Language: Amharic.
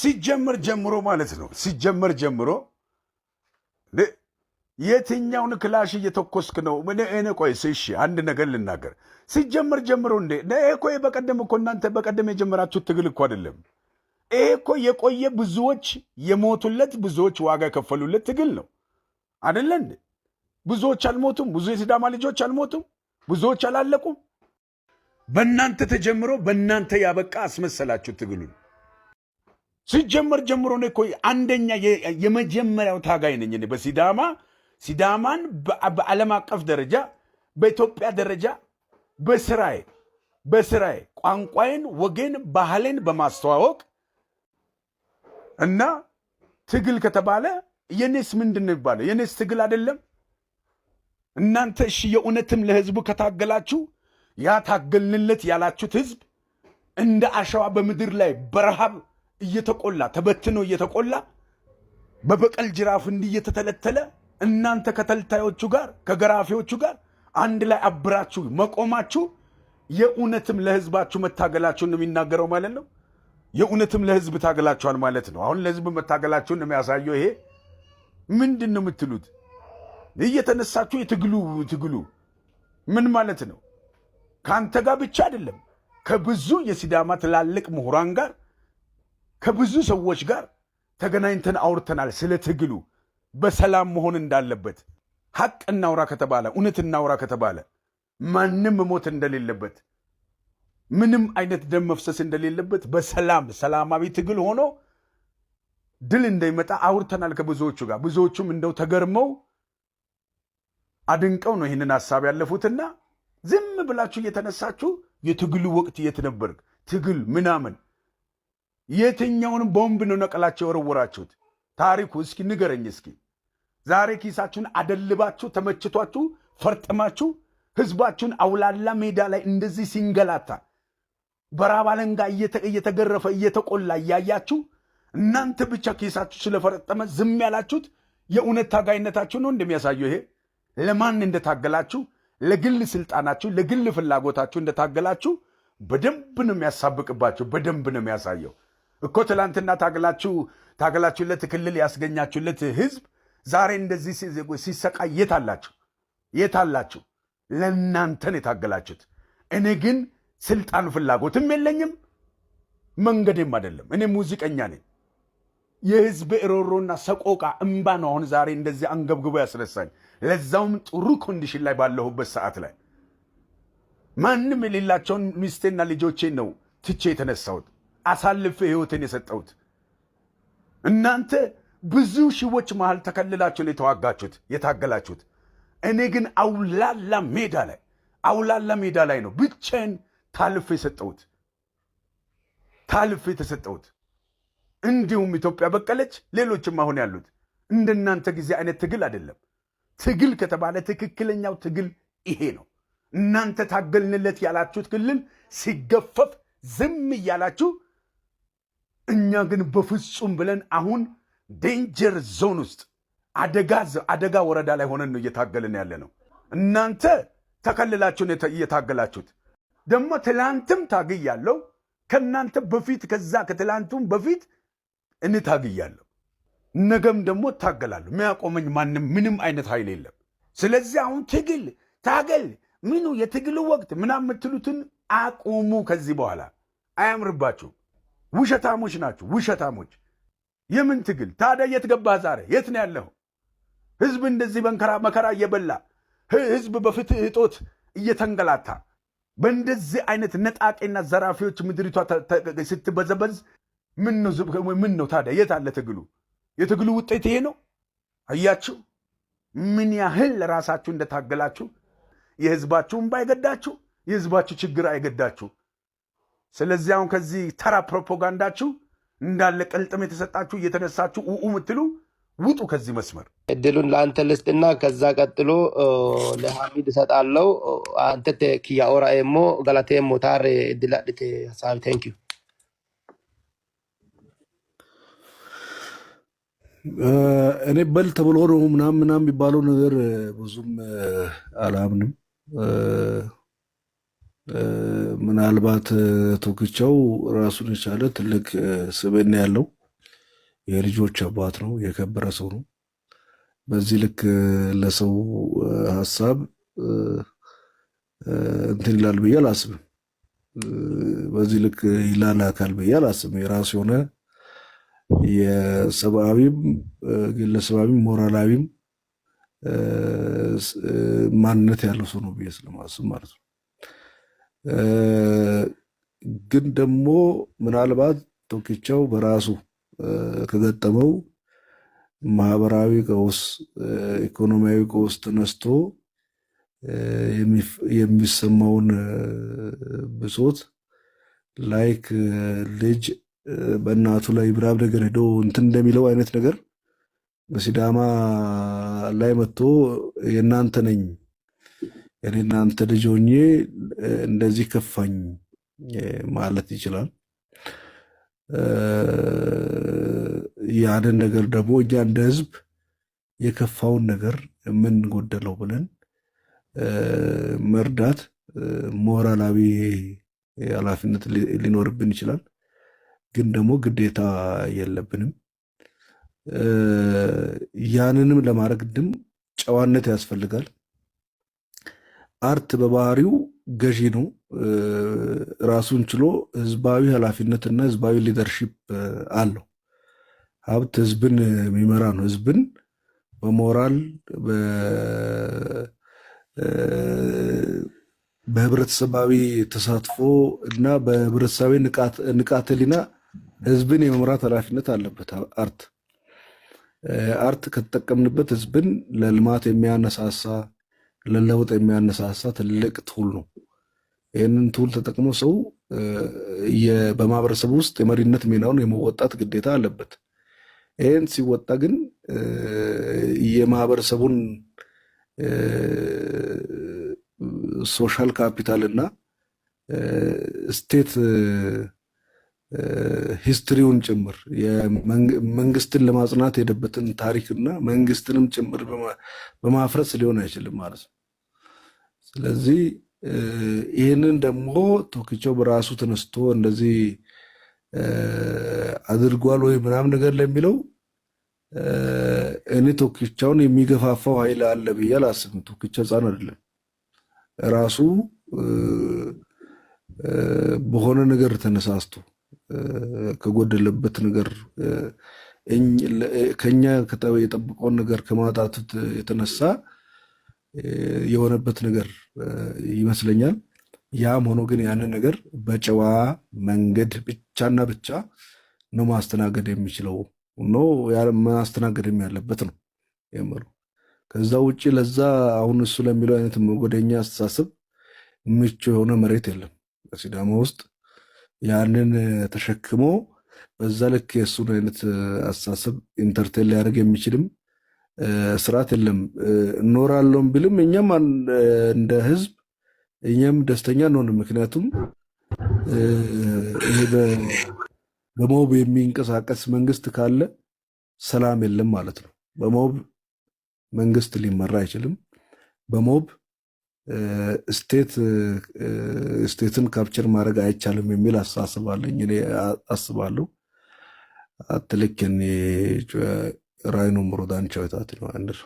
ሲጀመር ጀምሮ ማለት ነው። ሲጀመር ጀምሮ የትኛውን ክላሽ እየተኮስክ ነው? እኔ ቆይ እሺ፣ አንድ ነገር ልናገር። ሲጀመር ጀምሮ እንዴ እኮ በቀደም እኮ እናንተ በቀደም የጀመራችሁ ትግል እኮ አይደለም። ይሄ እኮ የቆየ ብዙዎች የሞቱለት ብዙዎች ዋጋ የከፈሉለት ትግል ነው አደለ እንዴ? ብዙዎች አልሞቱም። ብዙ የሲዳማ ልጆች አልሞቱም። ብዙዎች አላለቁም። በእናንተ ተጀምሮ በእናንተ ያበቃ አስመሰላችሁ ትግሉን። ሲጀመር ጀምሮ ነው እኮ አንደኛ የመጀመሪያው ታጋይ ነኝ እኔ በሲዳማ ሲዳማን በዓለም አቀፍ ደረጃ በኢትዮጵያ ደረጃ በስራዬ በስራዬ ቋንቋዬን፣ ወጌን፣ ባህሌን በማስተዋወቅ እና ትግል ከተባለ የኔስ ምንድን ነው ይባለ የኔስ ትግል አይደለም። እናንተ እሺ የእውነትም ለህዝቡ ከታገላችሁ ያ ታገልንለት ያላችሁት ህዝብ እንደ አሸዋ በምድር ላይ በረሃብ እየተቆላ ተበትኖ እየተቆላ በበቀል ጅራፍ እንዲህ እየተተለተለ እናንተ ከተልታዮቹ ጋር ከገራፊዎቹ ጋር አንድ ላይ አብራችሁ መቆማችሁ የእውነትም ለህዝባችሁ መታገላችሁን ነው የሚናገረው ማለት ነው። የእውነትም ለህዝብ ታገላችኋል ማለት ነው። አሁን ለህዝብ መታገላችሁን ነው የሚያሳየው። ይሄ ምንድን ነው የምትሉት? እየተነሳችሁ የትግሉ ትግሉ ምን ማለት ነው? ከአንተ ጋር ብቻ አይደለም ከብዙ የሲዳማ ትላልቅ ምሁራን ጋር ከብዙ ሰዎች ጋር ተገናኝተን አውርተናል። ስለ ትግሉ በሰላም መሆን እንዳለበት ሐቅ እናውራ ከተባለ እውነት እናውራ ከተባለ ማንም ሞት እንደሌለበት ምንም አይነት ደም መፍሰስ እንደሌለበት በሰላም ሰላማዊ ትግል ሆኖ ድል እንደሚመጣ አውርተናል ከብዙዎቹ ጋር። ብዙዎቹም እንደው ተገርመው አድንቀው ነው ይህንን ሀሳብ ያለፉትና ዝም ብላችሁ እየተነሳችሁ የትግሉ ወቅት የት ነበር ትግል ምናምን የትኛውን ቦምብ ነው ነቀላቸው የወረወራችሁት? ታሪኩ እስኪ ንገረኝ። እስኪ ዛሬ ኪሳችሁን አደልባችሁ ተመችቷችሁ ፈርጥማችሁ ህዝባችሁን አውላላ ሜዳ ላይ እንደዚህ ሲንገላታ በራብ አለንጋ እየተገረፈ እየተቆላ እያያችሁ እናንተ ብቻ ኪሳችሁ ስለፈረጠመ ዝም ያላችሁት የእውነት ታጋይነታችሁ ነው እንደሚያሳየው ይሄ ለማን እንደታገላችሁ ለግል ስልጣናችሁ ለግል ፍላጎታችሁ እንደታገላችሁ በደንብ ነው የሚያሳብቅባችሁ፣ በደንብ ነው የሚያሳየው። እኮ ትላንትና ታግላችሁ ታግላችሁለት ክልል ያስገኛችሁለት ህዝብ ዛሬ እንደዚህ ሲሰቃይ የት አላችሁ? የት አላችሁ? ለእናንተን የታገላችሁት። እኔ ግን ስልጣን ፍላጎትም የለኝም መንገድም አይደለም። እኔ ሙዚቀኛ ነኝ። የህዝብ እሮሮና ሰቆቃ እምባ ነው አሁን ዛሬ እንደዚህ አንገብግቦ ያስነሳኝ። ለዛውም ጥሩ ኮንዲሽን ላይ ባለሁበት ሰዓት ላይ ማንም የሌላቸውን ሚስቴና ልጆቼን ነው ትቼ የተነሳሁት። አሳልፌ ህይወትን የሰጠሁት። እናንተ ብዙ ሺዎች መሃል ተከልላችሁን የተዋጋችሁት የታገላችሁት፣ እኔ ግን አውላላ ሜዳ ላይ አውላላ ሜዳ ላይ ነው ብቻዬን ታልፌ የሰጠሁት ታልፌ የተሰጠሁት። እንዲሁም ኢትዮጵያ በቀለች ሌሎችም አሁን ያሉት እንደናንተ ጊዜ አይነት ትግል አይደለም። ትግል ከተባለ ትክክለኛው ትግል ይሄ ነው። እናንተ ታገልንለት ያላችሁት ክልል ሲገፈፍ ዝም እያላችሁ እኛ ግን በፍጹም ብለን አሁን ዴንጀር ዞን ውስጥ አደጋ አደጋ ወረዳ ላይ ሆነን ነው እየታገልን ያለ ነው። እናንተ ተከልላችሁን እየታገላችሁት ደግሞ ትላንትም ታግያለሁ። ከእናንተ በፊት ከዛ ከትላንቱም በፊት እንታግያለሁ ነገም ደግሞ እታገላለሁ። የሚያቆመኝ ማንም ምንም አይነት ኃይል የለም። ስለዚህ አሁን ትግል ታገል ምኑ የትግሉ ወቅት ምናምን የምትሉትን አቁሙ። ከዚህ በኋላ አያምርባችሁ። ውሸታሞች ናችሁ፣ ውሸታሞች። የምን ትግል ታዲያ? የት ገባህ? ዛሬ የት ነው ያለው? ህዝብ እንደዚህ በንከራ መከራ እየበላ ህዝብ በፍትህ እጦት እየተንገላታ በእንደዚህ አይነት ነጣቂና ዘራፊዎች ምድሪቷ ስትበዘበዝ ምን ነው ታዲያ? የት አለ ትግሉ? የትግሉ ውጤት ይሄ ነው። አያችሁ ምን ያህል ራሳችሁ እንደታገላችሁ። የህዝባችሁ እምባ አይገዳችሁ፣ የህዝባችሁ ችግር አይገዳችሁ። ስለዚህ አሁን ከዚህ ተራ ፕሮፓጋንዳችሁ እንዳለ ቅልጥም የተሰጣችሁ እየተነሳችሁ ውኡ ምትሉ ውጡ ከዚህ መስመር። እድሉን ለአንተ ልስጥና ከዛ ቀጥሎ ለሐሚድ እሰጣለሁ። አንተ ክያኦራ ሞ ገላቴ ሞታር እድላድት ሀሳቢ ቴንኪዩ እኔ በል ተብሎ ነው ምናም ምናም የሚባለው ነገር ብዙም አላምንም። ምናልባት ቶክቻው ራሱን የቻለ ትልቅ ስብዕና ያለው የልጆች አባት ነው፣ የከበረ ሰው ነው። በዚህ ልክ ለሰው ሀሳብ እንትን ይላል ብዬ አላስብም። በዚህ ልክ ይላል አካል ብዬ አላስብም። የራሱ የሆነ የሰብአዊም ግለሰባዊም ሞራላዊም ማንነት ያለው ሰው ነው ብዬ ስለማስብ ማለት ነው። ግን ደግሞ ምናልባት ቶኪቻው በራሱ ከገጠመው ማህበራዊ ቀውስ፣ ኢኮኖሚያዊ ቀውስ ተነስቶ የሚሰማውን ብሶት ላይክ ልጅ በእናቱ ላይ ምናምን ነገር ሄዶ እንትን እንደሚለው አይነት ነገር በሲዳማ ላይ መጥቶ የእናንተ ነኝ እኔ እናንተ ልጅ ሆኜ እንደዚህ ከፋኝ ማለት ይችላል። ያንን ነገር ደግሞ እኛ እንደ ህዝብ የከፋውን ነገር ምን ጎደለው ብለን መርዳት ሞራላዊ ኃላፊነት ሊኖርብን ይችላል። ግን ደግሞ ግዴታ የለብንም። ያንንም ለማድረግ ድም ጨዋነት ያስፈልጋል። አርት በባህሪው ገዢ ነው። ራሱን ችሎ ህዝባዊ ኃላፊነትና ህዝባዊ ሊደርሺፕ አለው። ሀብት ህዝብን የሚመራ ነው። ህዝብን በሞራል በህብረተሰባዊ ተሳትፎ እና በህብረተሰባዊ ንቃተ ህሊና ህዝብን የመምራት ኃላፊነት አለበት። አርት አርት ከተጠቀምንበት ህዝብን ለልማት የሚያነሳሳ ለለውጥ የሚያነሳሳ ትልቅ ቱል ነው። ይህንን ቱል ተጠቅሞ ሰው በማህበረሰቡ ውስጥ የመሪነት ሚናውን የመወጣት ግዴታ አለበት። ይህን ሲወጣ ግን የማህበረሰቡን ሶሻል ካፒታል እና ስቴት ሂስትሪውን ጭምር መንግስትን ለማጽናት የሄደበትን ታሪክና መንግስትንም ጭምር በማፍረስ ሊሆን አይችልም ማለት ነው። ስለዚህ ይህንን ደግሞ ቶኪቾ በራሱ ተነስቶ እንደዚህ አድርጓል ወይ ምናምን ነገር ለሚለው እኔ ቶኪቻውን የሚገፋፋው ኃይል አለ ብዬ አላስብም። ቶኪቻ ህፃን አይደለም። ራሱ በሆነ ነገር ተነሳስቶ ከጎደለበት ነገር ከኛ የጠበቀውን ነገር ከማጣት የተነሳ የሆነበት ነገር ይመስለኛል። ያም ሆኖ ግን ያንን ነገር በጨዋ መንገድ ብቻና ብቻ ነው ማስተናገድ የሚችለው ኖ ማስተናገድ ያለበት ነው የምሩ። ከዛ ውጭ ለዛ አሁን እሱ ለሚለው አይነት ወደኛ አስተሳሰብ ምቹ የሆነ መሬት የለም በሲዳማ ውስጥ ያንን ተሸክሞ በዛ ልክ የእሱን አይነት አስተሳሰብ ኢንተርቴን ሊያደርግ የሚችልም ስርዓት የለም እኖራለሁም ቢልም እኛም እንደ ህዝብ እኛም ደስተኛ እንሆንም። ምክንያቱም በመውብ የሚንቀሳቀስ መንግስት ካለ ሰላም የለም ማለት ነው። በመውብ መንግስት ሊመራ አይችልም። በመውብ ስቴት ስቴትን ካፕቸር ማድረግ አይቻልም የሚል አሳስባለኝ እኔ አስባለሁ አትልክን ራይኑ ምሩ ዳንቻ ወይታት ነው